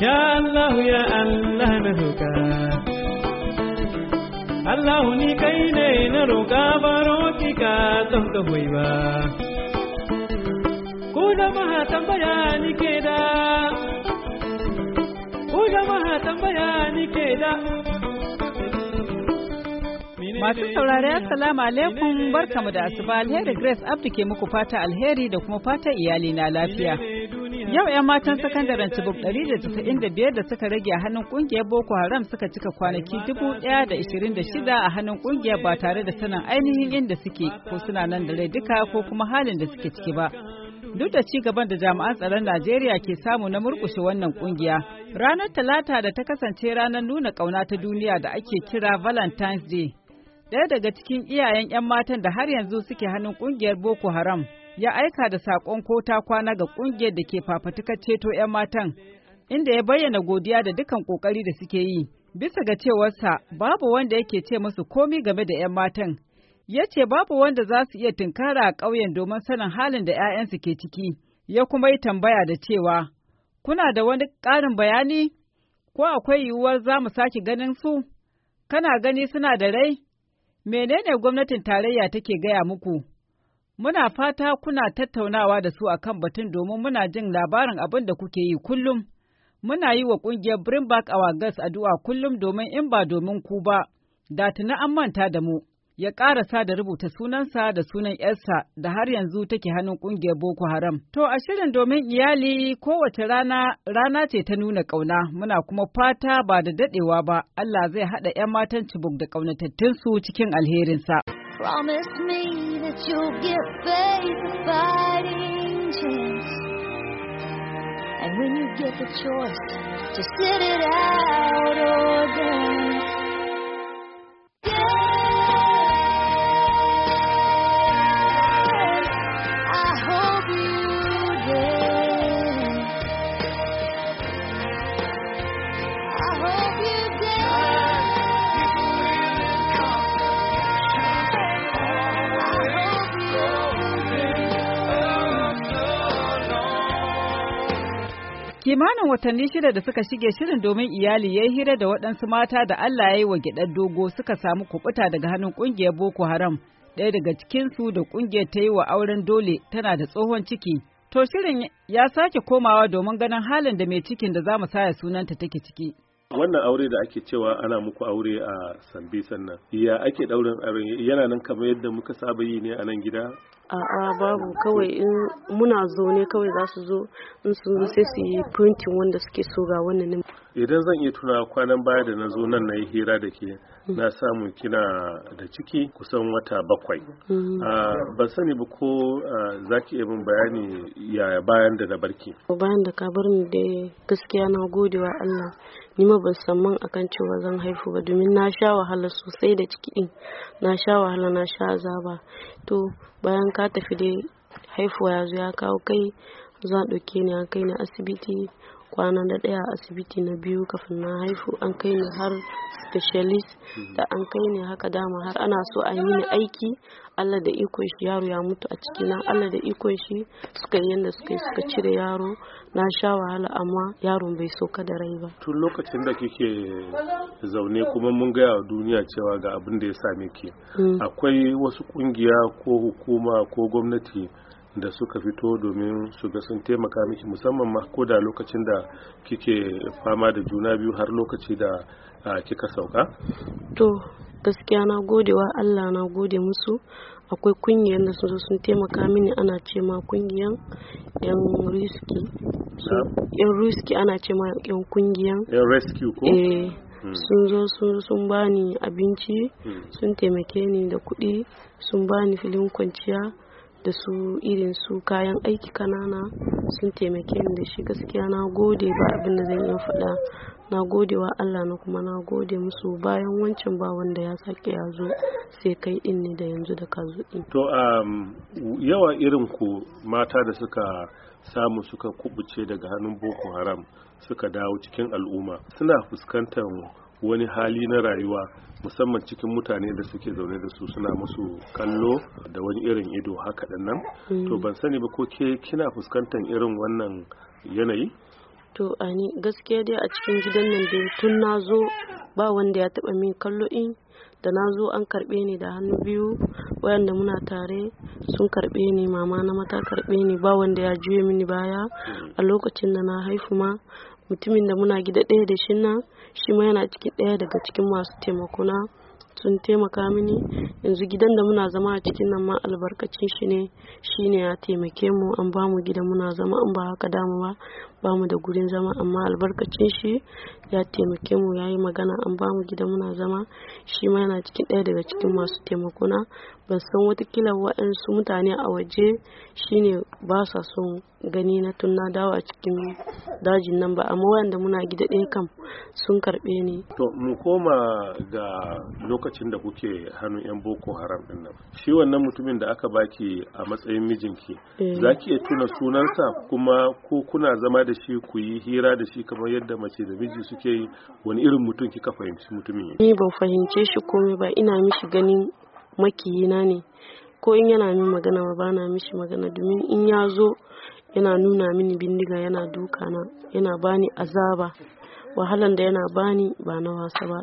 Ya Allah ya Allah na roƙa Allah ni kai ne na roƙa baro ki ka don ka hoyi ba Ku maha tambaya ni ke da Ku maha tambaya ni ke da Masu saurari Assalamu alaikum barkamu da asuba alheri Grace Abdi ke muku fata alheri da kuma fata iyali na lafiya. Yau 'yan matan sakandaren Cibok 195 da suka rage a hannun ƙungiyar Boko Haram suka cika kwanaki 1,026 a hannun kungiyar ba tare da sanin ainihin inda suke ko suna nan da rai duka ko kuma halin da suke ciki ba. Duk da ci gaban da jami'an tsaron Najeriya ke samu na murkushe wannan kungiya, ranar Talata da ta kasance ranar nuna ƙauna ta duniya da ake kira Valentine's Day. Ɗaya daga cikin iyayen 'yan matan da har yanzu suke hannun ƙungiyar Boko Haram, ya aika da saƙon ko ta kwana ga ƙungiyar da ke fafatukar ceto 'yan matan, inda ya bayyana godiya da dukan ƙoƙari da suke yi. Bisa ga cewarsa, babu wanda yake ce musu komi game da 'yan matan. Ya ce babu wanda za su iya tunkara a ƙauyen domin sanin halin da 'ya'yansu ke ciki. Ya kuma yi tambaya da cewa, kuna da wani ƙarin bayani? Ko akwai yiwuwar za mu sake ganin su? Kana gani suna da rai? Menene gwamnatin tarayya take gaya muku? Muna fata kuna tattaunawa da su akan batun domin muna jin labarin abin da kuke yi kullum. Muna yi wa ƙungiyar Bring Back Our Girls addu'a kullum domin in ba domin ku ba, da tuna an manta da mu. Ya ƙarasa da rubuta sunansa da sunan ‘yarsa da har yanzu take hannun ƙungiyar Boko Haram. To, a shirin domin iyali kowace rana rana ce ta nuna ƙauna, muna kuma fata ba da daɗewa ba, Allah zai haɗa ‘yan matan cibok da ƙaunatattun su cikin alherinsa. Promise me that you'll give faith a fighting chance. And when you get the choice to sit it out or dance. Kimanin watanni shida da suka shige shirin domin iyali ya yi hira da waɗansu mata da Allah ya yi wa gidan dogo suka samu kubuta daga hannun ƙungiyar Boko Haram. Ɗaya daga cikinsu da ƙungiyar ta yi wa auren dole tana da tsohon ciki. To shirin ya sake komawa domin ganin halin da mai cikin da za saya sunanta take ciki. wannan aure da ake cewa ana muku aure a Sambisan sannan ya ake ɗaurin aure yana nan kamar yadda muka saba yi ne a nan gida a'a babu kawai in muna zaune kawai za su zo in su zo sai su yi printing wanda suke so ga wannan idan zan iya tuna kwanan baya da na zo nan na yi hira da ke na samu kina da ciki kusan wata bakwai mm. ah, ban sani ba ko ah, za ki iya min bayani yaya bayan da na barki bayan da ka bar ni da gaskiya na gode wa Allah ni ma ban san man akan cewa zan haifu ba domin na sha wahala sosai da ciki din na sha wahala na sha azaba to bayan ka tafi dai haifuwa ya zo ya kawo kai za a ɗauke ni a kai asibiti kwana na ɗaya a asibiti na biyu kafin na haihu an kai ni har specialist mm-hmm. da an kai ni haka dama har ana so a yi mini aiki Allah da ikon shi yaro ya mutu a ciki na Allah da ikon shi suka yi yadda suka yi suka cire yaro na sha wahala amma yaron bai sauka da rai ba tun lokacin da kike zaune kuma mun gaya wa duniya cewa ga abin da ya same ki mm. akwai wasu kungiya ko hukuma ko gwamnati da suka fito domin su ga sun taimaka miki musamman ma ko da lokacin da kike fama da juna biyu har lokaci da kika sauka? To, gaskiya na gode wa Allah na gode musu akwai kungiyar da sun sun taimaka mini ana ce ma kungiyar yan riski yan riski ana ce ma yan kungiyar yan rescue ko? eh hmm. sun zo sun bani abinci hmm. sun taimake ni da kuɗi sun bani filin kwanciya da su irin su kayan aiki kanana sun taimake ni da shi gaskiya na gode ba abin da zan iya faɗa na gode wa Allah na kuma na gode musu bayan wancan ba wanda ya sake ya zo sai kai din ne da yanzu da ka zo din to um, yawa irin ku mata da suka samu suka kubuce daga hannun boko haram suka dawo cikin al'umma suna fuskantar wani hali na rayuwa musamman cikin mutane da suke zaune da su suna musu kallo da wani irin ido haka nan mm. to ban sani ba ko ke kina fuskantar irin wannan yanayi to ani gaskiya dai a cikin gidan nan da tun na zo ba wanda ya taba min kallo in da na zo an karbe ni da hannu biyu wayanda muna tare sun karbe ni mama na mata karbe ni ba wanda ya juye mini baya mm. a lokacin da na haifu ma mutumin da muna gida ɗaya da shi nan shi ma yana cikin ɗaya daga cikin masu taimakona sun taimaka mini yanzu gidan da muna zama a cikin nan ma albarkacin shi ne shi ne ya taimake mu an ba mu gida muna zama an ba haka damu ba ba mu da gurin zama amma albarkacin shi ya taimake mu ya yi magana an ba mu gida muna zama shi ma yana cikin ɗaya daga cikin masu taimakona ban san watakila waɗansu mutane a waje shine ba sa son gani na tun na a cikin dajin nan ba amma da muna gida ɗaya kam sun karɓe ni. to mu koma ga lokacin da kuke hannun yan boko haram ɗin nan shi wannan mutumin da aka baki a matsayin mijinki eh. za ki iya tuna sunansa kuma ko kuna zama da shi ku yi hira da shi kamar yadda mace da miji suke yi wani irin mutum kika fahimci mutumin ni ban fahimce shi komai ba ina mishi ganin makiyina ne ko in yana min magana ba na mishi magana domin in ya zo yana nuna mini bindiga yana duka na yana bani azaba wahalan da yana bani ba na wasa ba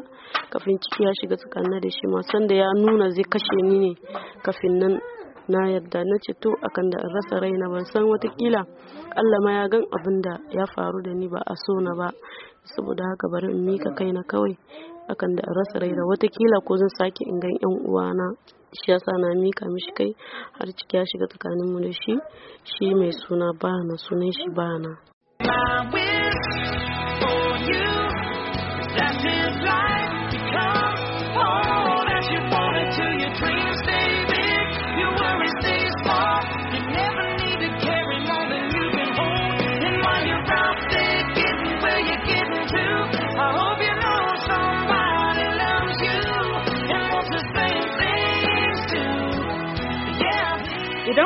kafin ciki ya shiga tsakanin da shi ma sanda ya nuna zai kashe ni ne kafin nan na yadda na ce to akan da rasa raina ban san watakila Allah ma ya gan abin da ya faru da ni ba a so na ba saboda haka bari in mika kaina kawai akan da rasa raina watakila ko zan sake in gan yan uwana shi yasa na mika mishi kai har ciki ya shiga tsakaninmu da shi shi mai suna bana sunan shi bana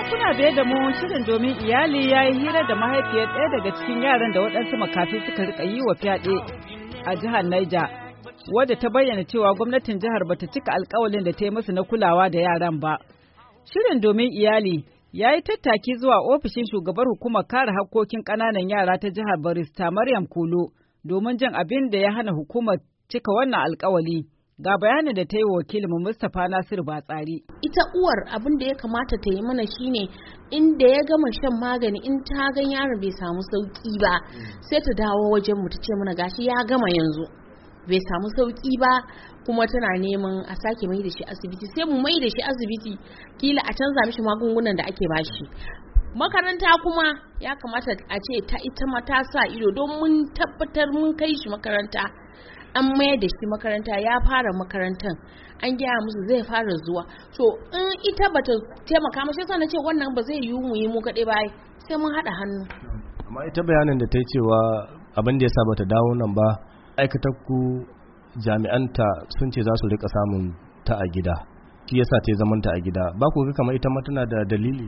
kuna biye da mu shirin domin iyali ya yi hira da mahaifiyar ɗaya daga cikin yaran da waɗansu makafi suka rika yi wa fyaɗe a jihar Niger, wadda ta bayyana cewa gwamnatin jihar bata cika alkawalin da ta yi musu na kulawa da yaran ba. Shirin domin iyali ya yi tattaki zuwa ofishin shugabar hukumar kare hakkokin ƙananan yara ta jihar Barista Maryam Kulu domin jin abin da ya hana hukumar cika wannan alkawali. Ga bayanin da ta yi wakilin Mustapha Nasiru Batsari. Ita uwar abin da ya kamata ta yi mana shine inda ya gama shan magani in ta gan yaron bai samu sauki ba sai ta dawo wajen mu ta ce mana gashi ya gama yanzu bai samu sauki ba kuma tana neman a sake mai da shi asibiti sai mu mai da shi asibiti kila a canza mishi magungunan da ake bashi makaranta kuma ya kamata a ce ta ita ma ta sa ido don mun tabbatar mun kai shi makaranta an mayar da shi makaranta ya fara makarantan an gaya musu zai fara zuwa to in ita bata taimaka mashi yasa na ce wannan ba zai yiwu mu yi mu kaɗai bai sai mun haɗa hannu amma ita bayanin da ta yi cewa abin da ya sa bata dawo nan ba aikatar ku jami'anta sun ce za su rika samun ta a gida shi yasa ta zaman ta a gida ba ku ga kamar ita ma tana da dalili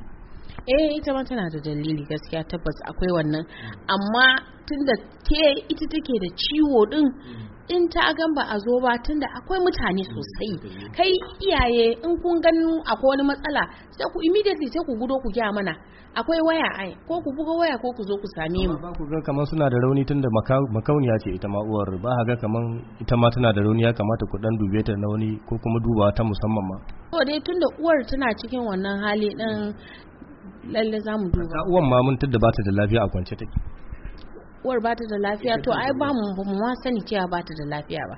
eh ita ma tana da dalili gaskiya tabbas akwai wannan amma tunda ke ita take da ciwo din in ta gan ba a zo ba tunda akwai mutane mm, sosai mm. kai iyaye in kun ganin akwai wani matsala sai ku immediately sai ku gudo ku gya mana akwai waya ai ko ku buga waya ko ku zo ku same mu ba ku ga kamar suna da rauni tunda makauniya ce ita ma uwar ba ga kamar ita ma tana da rauni ya kamata ku dan dube ta na wani ko kuma duba ta musamman ma to dai tunda uwar tana cikin wannan hali din lalle za mu duba uwan ma mun tunda ba ta da lafiya a kwance take uwar ba ta da lafiya to ai ba mu ba mu ma sani cewa ba ta da lafiya ba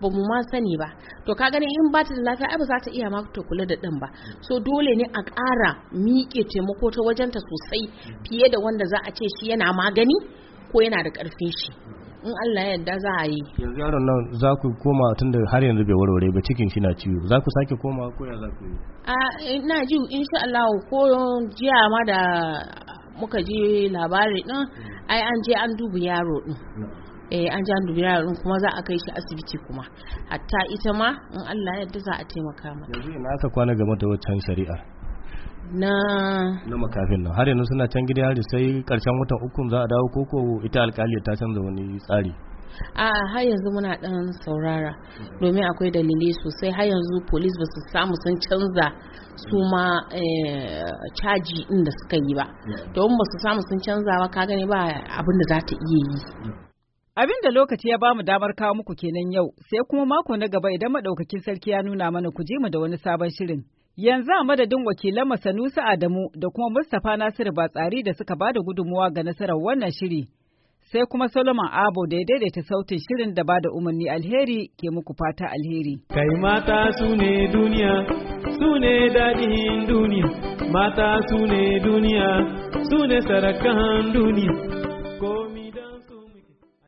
ba mu ma sani ba to ka gani in ba ta da lafiya ai ba za ta iya ma ta kula da ɗan ba so dole ne a ƙara miƙe taimako ta wajenta sosai fiye da wanda za a ce shi yana magani ko yana da ƙarfi shi in Allah ya yarda za a yi yanzu yaron nan za ku koma tun da har yanzu bai warware ba cikin shi na ciwo za ku sake koma ko ya za ku yi a ina ji insha Allah ko jiya ma da muka ji labari din ai an je an dubi yaro din eh an ji an dubi din kuma za a kai shi asibiti kuma hatta ita ma in Allah ya yarda za a taimaka mata yanzu ina aka kwana game da waccan shari'ar na na makafin nan har yanzu suna can gida har sai karshen watan uku za a dawo koko ita alkali ta canza wani tsari a har yanzu muna dan saurara domin akwai dalilai sosai har yanzu police ba su samu sun canza su ma eh, caji inda suka yi ba domin ba su samu sun canza ba ka gani ba abin da za ta iya yi Abin da lokaci ya bamu damar kawo muku kenan yau, sai kuma mako na gaba idan madaukakin sarki ya nuna mana ku je mu da wani sabon shirin. Yanzu a madadin wakilan Masanusa Adamu da kuma Mustapha Nasiru ba tsari da suka bada gudunmuwa ga nasarar wannan shiri. sai kuma Solomon Abo da ya daidaita sautin shirin da ba da umarni alheri ke muku fata alheri. Kai mata su ne duniya, su ne dadihin duniya, mata su ne duniya, su ne sarakan duniya.